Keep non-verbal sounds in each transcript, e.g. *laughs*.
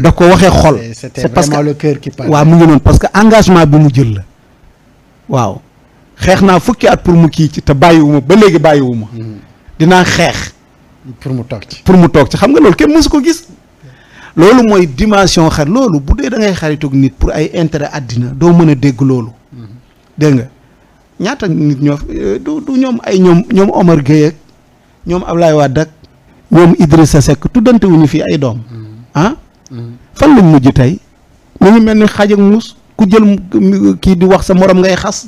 da ko waxee xol c'est parce que le cœur qui parle waaw mu ngi noonu parce que engagement bi mu jël la waaw xeex naa fukki at pour mu kii ci te bàyyiwuma ba léegi bàyyiwuma mm-hmm. dinaa xeex pour mu toog ci pour mu toog ci xam nga loolu kenn mësu ko gis loolu mooy dimension xar loolu bu dee da ngay xaritoog nit pour ay intérêt àddina doo mën a dégg loolu mm-hmm. dégg nga ñaata nit ñoo euh, du ñoom ay ñoom ñoom Omar Gueye ak ñoom Ablaye Wade ak ñoom sa Seck tuddante wuñu fii ay doom mm-hmm. ah mm. fan lañ mujj tey mu ngi mel ni xaaj ak muus ku jël kii di wax sa moroom ngay xas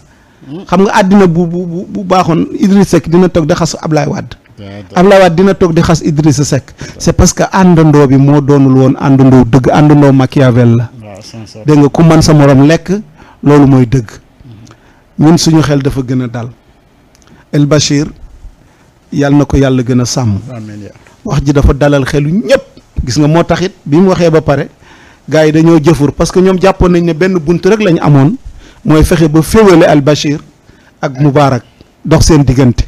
mm. xam nga àddina bu bu bu baaxoon Idrissa Seck dina toog di xas Ablaye Wade ah, Ablaye Wade dina toog di xas Idrissa Seck c'est parce que àndandoo bi moo doonul woon àndandoo dëgg àndandoo Machiavel la ah, dégg nga ku man sa moroom lekk loolu mooy dëgg mm-hmm. ñun suñu xel dafa gën a dal El Bachir yàlla na ko yàlla gën a sàmm wax ji dafa dalal xelu ñëpp gis nga moo taxit bi mu waxee ba pare gars yi dañoo jëfur parce que ñoom jàppoon nañ ne benn bunt rek lañ amoon mooy fexe ba féewale al Bachir ak Moubarak dox seen diggante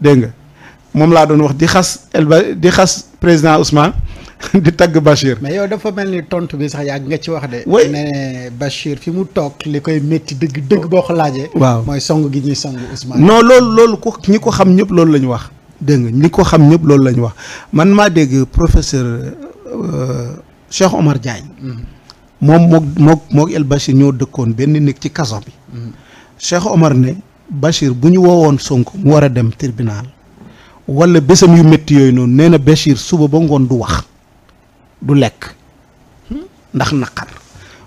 dégg nga moom laa doon wax di xas el ba di xas président Ousmane *laughs* di tagg Bachir. mais yow dafa mel ni tontu bi sax yàgg nga ci wax de. oui ne Bachir fi mu toog li koy metti dëgg dëgg boo ko laajee. waaw mooy song gi ñuy song Ousmane. non loolu loolu ku ñi ko xam ñëpp loolu la ñu wax. dégg nga ñi ko xam ñëpp loolu la ñu wax man maa dégg professeur euh, Cheikh Omar Diagne. Mm-hmm. moom moog moog moog El Bachir ñoo dëkkoon benn nekk ci kaso bi. Mm-hmm. Cheikh Omar ne Bachir bu ñu woowoon Sonko mu war a dem tribunal walla bésam yu métti yooyu noonu nee na Bachir suba ba ngoon du wax du lekk hmm? ndax naqar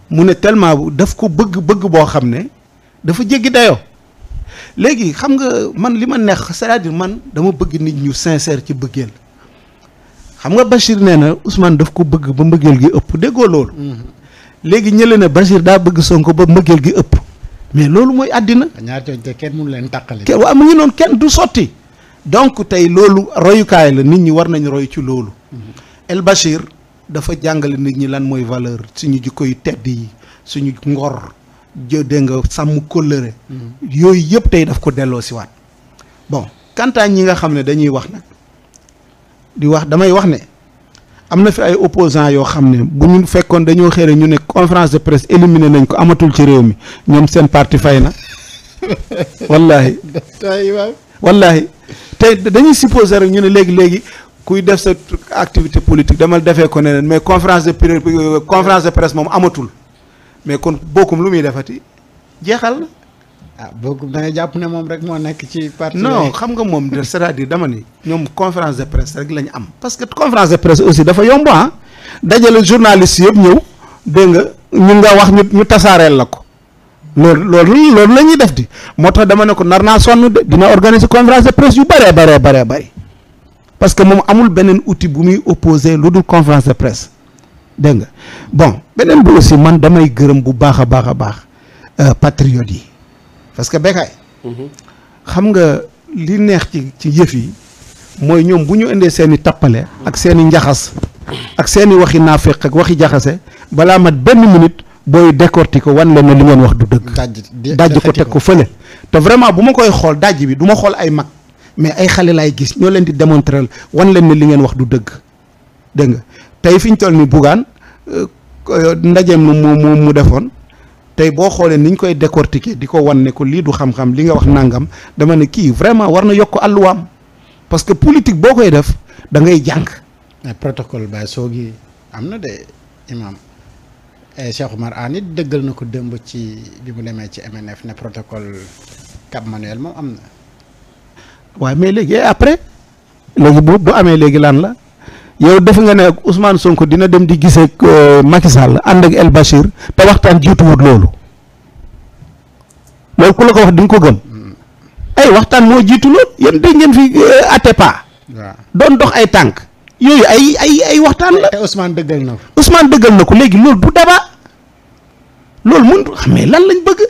mu ne tellement daf ko bëgg bëgg boo xam ne dafa jéggi dayoo. léegi xam nga man li ma neex cest à man dama bëgg nit ñu sincère ci bëggeel xam nga Bachir nee na usman daf ko bëgg ba mbëggeel gi ëpp déggoo loolu. Mm-hmm. léegi ñële na Bachir daa bëgg Sonko ba mbëggeel gi ëpp mais loolu mooy àddina. ñaar jooju te kenn mënu leen tàqale. mu ngi noonu kenn du sotti. donc tey loolu royukaay la nit ñi war nañ roy ci loolu. Mm-hmm. El Bachir dafa jàngale nit ñi lan mooy valeur suñu jikko yu tedd yi suñu ngor. jë dégg nga sàmm kóllëre. yooyu yëpp tey daf ko delloo siwaat waat bon kantaan ñi nga xam ne dañuy wax nag di wax damay wax ne am na fi ay opposants yoo xam ne bu ñu fekkoon dañoo xëy ñu ne conférence de presse éliminé nañ ko amatul ci réew mi ñoom seen parti fay na wallaahi. *laughs* wallaahi te dañuy supposé rek ñu ne léegi léegi. kuy def sa activité politique damal defee ko neneen mais conférence de presse conférence moom amatul. mais kon bokkum lu muy defati jeexal na. ah bokkum da jàpp ne moom rek moo nekk ci parti. non xam nga moom de *laughs* c'est-à-dire dama ni ñoom conférence de presse rek la am. parce que conférence de presse aussi dafa yomb ah dajale journaliste yëpp ñëw dégg nga ñu nga wax ñu ñu tasaareel la ko. loolu loolu loolu la ñuy def di moo tax dama ne ko nar naa sonn de dina organiser conférence de presse yu bëree bëree bare bëri parce que moom amul beneen uti bu muy opposé lu dul conférence de presse. dégg nga bon beneen bi aussi man damay gërëm bu baax a baax a baax euh, patriotes yi parce que Bécaye mhm. xam nga li neex ci ci yëf yi mooy ñoom bu ñu indee seen i tappale ak seen i njaxas ak seen i waxi naafeq ak waxi jaxase balaa mat benn minute booy décorti ko wan leen ne li ngeen wax du dëgg dajj ko teg ko fële te vraiment bu ma koy xool dajj bi du ma xool ay mag mais ay xale laay gis ñoo leen di démontrer wan leen ne li ngeen wax du dëgg dégg nga tey fi ñu toll ni Bougane euh, ndajeem na moom moom mu defoon tey boo xoolee niñ ñu koy décortiquer di ko wan ne ko lii du xam-xam li nga wax nangam dama ne kii vraiment war na yokk àlluwaam parce que politique boo koy def dangay ngay jàng. protocole ba soo gi am na de imam eh, Cheikh Oumar Anne ah, it dëggal na ko dëmb ci bi mu demee ci MNF ne protocole Cap Manuel moom am na. waaye mais léegi après léegi bu bu amee léegi lan la. yow def nga ne Ousmane Sonko dina dem di gisee ak euh, Macky ànd ak El Bachir te waxtaan jiituwut loolu loolu ku la ko wax di nga ko gëm mm. ay waxtaan moo jiitu loolu yéen dégg ngeen fi euh, Atepa. doon dox ay tànk. yooyu ay ay ay waxtaan la. Ousmane dëggal na ko. na ko léegi loolu bu débat loolu mun xamee lan lañ bëgg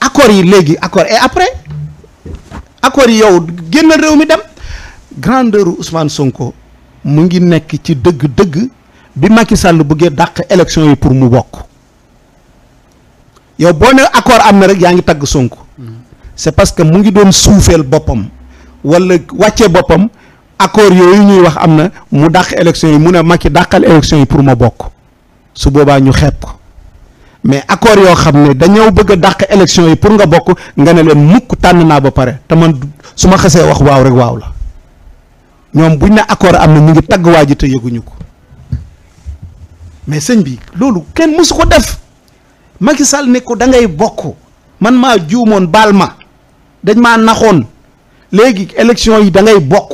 accords yi léegi accord et après accords yi yow génn réew mi dem grandeur Ousmane Sonko. mu ngi nekk ci dëgg-dëgg bi Macky Sall bëggee dàq élection yi pour mu bokk yow boo ne accord am na rek yaa ngi tagg sunk c'est parce que mu ngi doon suufeel boppam wala wàccee boppam accord yooyu ñuy wax am na mu dàq élection yi mu ne Macky dàqal élection yi pour ma bokk su boobaa ñu xeeb mais accord yoo xam ne dañoo bëgg a dàq yi pour nga bokk nga ne leen mukk tànn naa ba pare te man su ma xasee wax waaw rek waaw la ñoom buñ ne accord am na ñu ngi tagg waa ji te yëguñu ko mais sëñ bi loolu kenn mësu ko def Macky Sall ne ko da ngay bokk man maa juumoon baal ma dañ maa naxoon léegi élection yi da ngay bokk.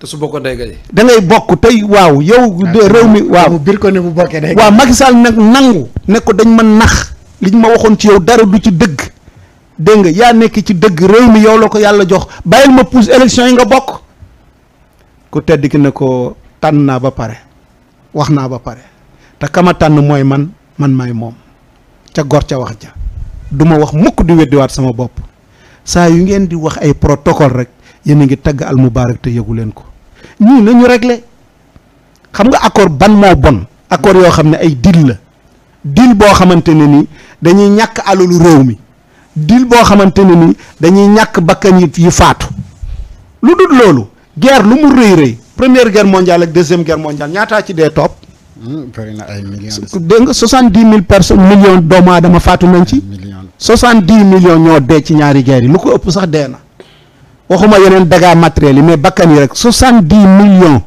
te su bokkoon day gañe. da bokk tey waaw yow. réew mi waaw mu bir ko ne bu bokkee day. nag nangu ne dañ ma nax liñ ma waxoon ci yow dara du ci dëgg dégg nga yaa nekk ci dëgg réew mi yow la ko yàlla jox bàyyil ma pousse élection yi nga bokk. ku tedd ki ne ko tànn naa ba pare wax naa ba pare te kama tànn mooy man man maay moom ca gor ca wax ca du ma wax mukk di weddiwaat sama bopp saa yu ngeen di wax ay protocole rek yéen a ngi tagg al almubaarak te yëgu leen ko ñii nañu réglé xam nga accord ban moo bon accord yoo xam ne ay deal la deal boo xamante ne ni dañuy ñàkk alalu réew mi deal boo xamante ne ni dañuy ñàkk bakkan yi faatu lu dul loolu guerre lu mu rëy rëy première guerre mondiale ak deuxième guerre mondiale ñaataa ci dee topp. Hmm, bëri na ay millions nga soixante dix mille personnes millions doomu aadama faatu nañ ci. soixante dix millions ñoo dee ci ñaari guerre yi lu ko ëpp sax dee na. waxuma yeneen dégâts matériels yi mais bakkan yi rek soixante dix millions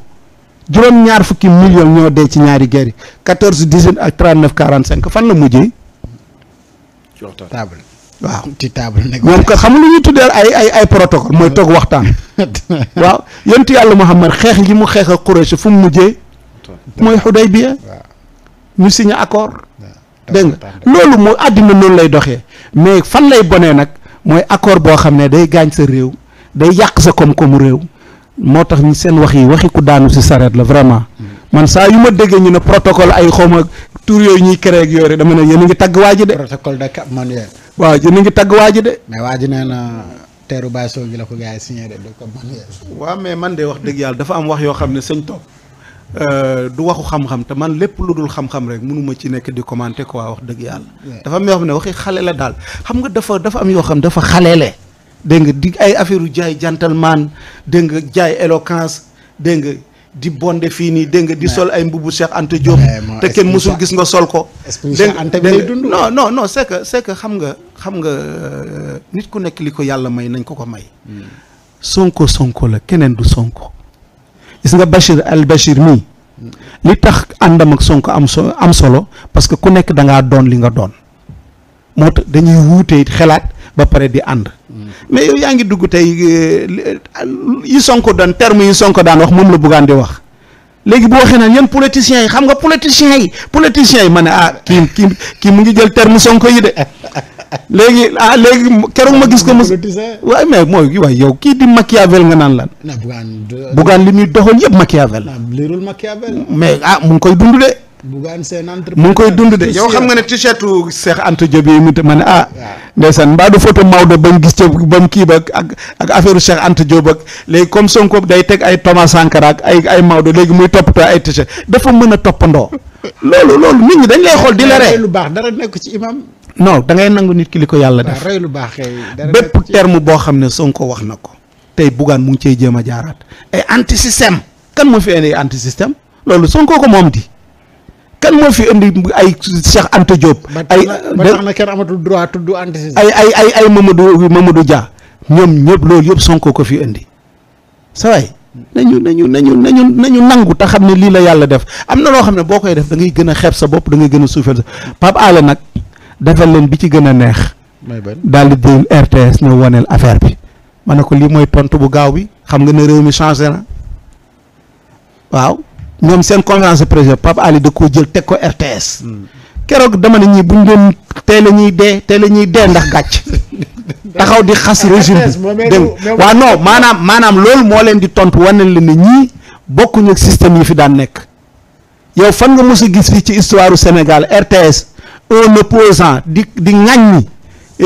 juróom ñaar fukki million ñoo dee ci ñaari guerre yi quatorze dix-huit ak trente neuf quarante cinq fan la mujjee. table. waaw ci table nag moom kat xam lu ñu tuddee ay ay ay protocole mooy toog waxtaan. *laughs* waaw yonent yàlla xam Muhammad xeex gi mu xeex ak Quraysh fu mu mujjee. mooy Xudaybiya ñu signé accord. dégg nga loolu mooy àddina noonu lay doxee mais fan lay bonee nag mooy accord boo xam ne day gaañ sa réew day yàq sa koom komu réew moo tax ñu seen wax yi waxi ku daanu si sareet la vraiment hmm. man saa yu ma déggee ñu ne protocole ay xaw ma tur yooyu ñuy créé ak yooyu dama ne yéen a ngi tagg waa ji de. protocole de Cap Manuel. waaw ji ni ngi tagg waa ji de. mais waa na teeru Baye Sow la ko gars yi signé ko mën mais man de wax dëgg yàlla dafa am wax yoo xam ne sëñ toog euh, du waxu xam-xam te man lépp lu dul xam-xam rek mënuma ci nekk di commenter quoi wax dëgg yàlla. dafa am yoo xam ne waxi xale la daal xam nga dafa dafa am yoo xam dafa xaleele. dégg nga di ay affaire yu jaay gentleman dégg nga jaay éloquence dégg nga di bonde fii nii dégg nga di sol ay mbubu Cheikh Anta Diop. te kenn mësul gis nga sol ko. dégg nga non non xam nga. xam nga euh, nit ku nekk li ko yàlla may nañ ko ko may. Hmm. sonko sonko la keneen du sonko. gis nga Bachir al Bachir mii. Hmm. li tax àndam ak sonko am so am solo parce que ku nekk da ngaa doon li nga doon. moo tax dañuy wuutee xelaat ba pare di ànd. Hmm. mais yaa ngi dugg tey euh, yi sonko daan terme yi sonko daan wax moom la buggaan di wax. léegi bu waxee naan yéen politiciens yi xam nga politiciens yi politiciens yi ma ne ah kii kii kii mu ngi jël terme sonko yi de. *laughs* léegi ah léegi keroog ma gis ko mos waaye mais mooy waay yow kii di Machiavel nga naan lan Bougane li muy doxal yëpp Machiavel mais ah mu ngi koy dund de Bougane seen entrepreneur mu ngi koy dund de yow xam nga ne t-shirt Cheikh Anta Diop yi mu te ma ne ah ndeysaan mbaa du photo Maodo ba mu gis ca ba mu kii ba ak ak affaire Cheikh Anta Diop ak léegi comme Sonko day teg ay Thomas Sankara ak ay ay Maodo léegi muy toppatoo ay t-shirt dafa mën a toppandoo *laughs* loolu loolu nit ñi dañ lay xool di la lu baax dara nekk ci imam non da ngay nangu nit ki li ko yàlla def lu baax bépp terme boo xam ne Sonko wax na ko tey buggaan mu ngi cey jéem a jaaraat ay anti système kan moo fi indi anti système loolu Sonko ko moom kan moo fi indi ay Cheikh Anta Diop. ay ba tax na kenn amatul droit tudd anti ay ay ay ay Mamadou Mamadou Dia ñoom ñëpp loolu yëpp Sonko ko fi indi sa waay nañu na nañu nañu nañu nangu te xam ne lii la yàlla def am na loo xam ne boo koy def da ngay gën a xeeb sa bopp da gën a suufeel sa Pape nag. defal leen bi ci gën a neex. daal di jël RTS ñu waneel affaire bi. ma ne ko lii mooy tontu bu gaaw bi xam nga ne réew mi changé na waaw ñoom seen conférence de presse Pape Ali da koo jël teg ko RTS. Hmm. keroog dama ne ñii buñ doon tey la ñuy dee la ñuy dee ndax gàcc. *laughs* taxaw di xas régime bi dégg waaw non maanaam maanaam loolu moo leen di tontu wane leen ne ñii bokkuñu ak système yi fi daan nekk. yow fan nga mos gis fii ci histoire Sénégal RTS. un opposant di di ŋàññi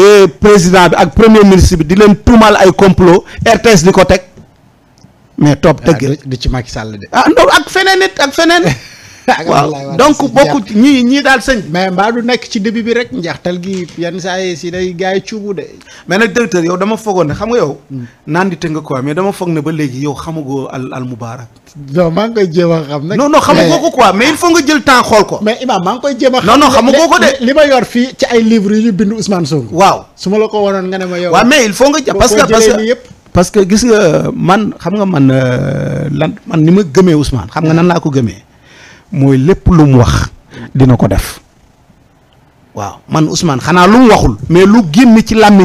eh, président bi ak premier ministre bi di leen tuumal ay complot RTS di ko teg mais topp dëgg ah, du ci Macky Sall de ah ak feneen it ak feneen *laughs* *laughs* waaw donc bokk ñii ñi daal sëñ. mais mbaa du nekk ci début bi rek njaxtal gi yenn saa yi si day gars cuubu de. mais nag directeur yow dama foogoon ne xam nga yow. Hmm. naan di tënk quoi dama foog ne ba léegi yow xamagoo al al mubaarak. maa ngi koy jéem a xam nag. non non ko mais il faut nga jël temps xool ko. mais Imaam koy jéem a. xam non non xamagoo ko de li ma yor fii ci ay livres yu ñu bind Ousmane Sonko. waaw su ma la ko wanoon nga ne ma yow. waaw mais il faut nga jàpp parce que parce que parce que gis nga man xam nga man euh, lan man ni ma gëmee Ousmane xam nga nan laa ko gëmee mooy lépp lu mu wax dina ko def waaw man Ousmane xanaa lu mu waxul mais lu génn ci làmmiñ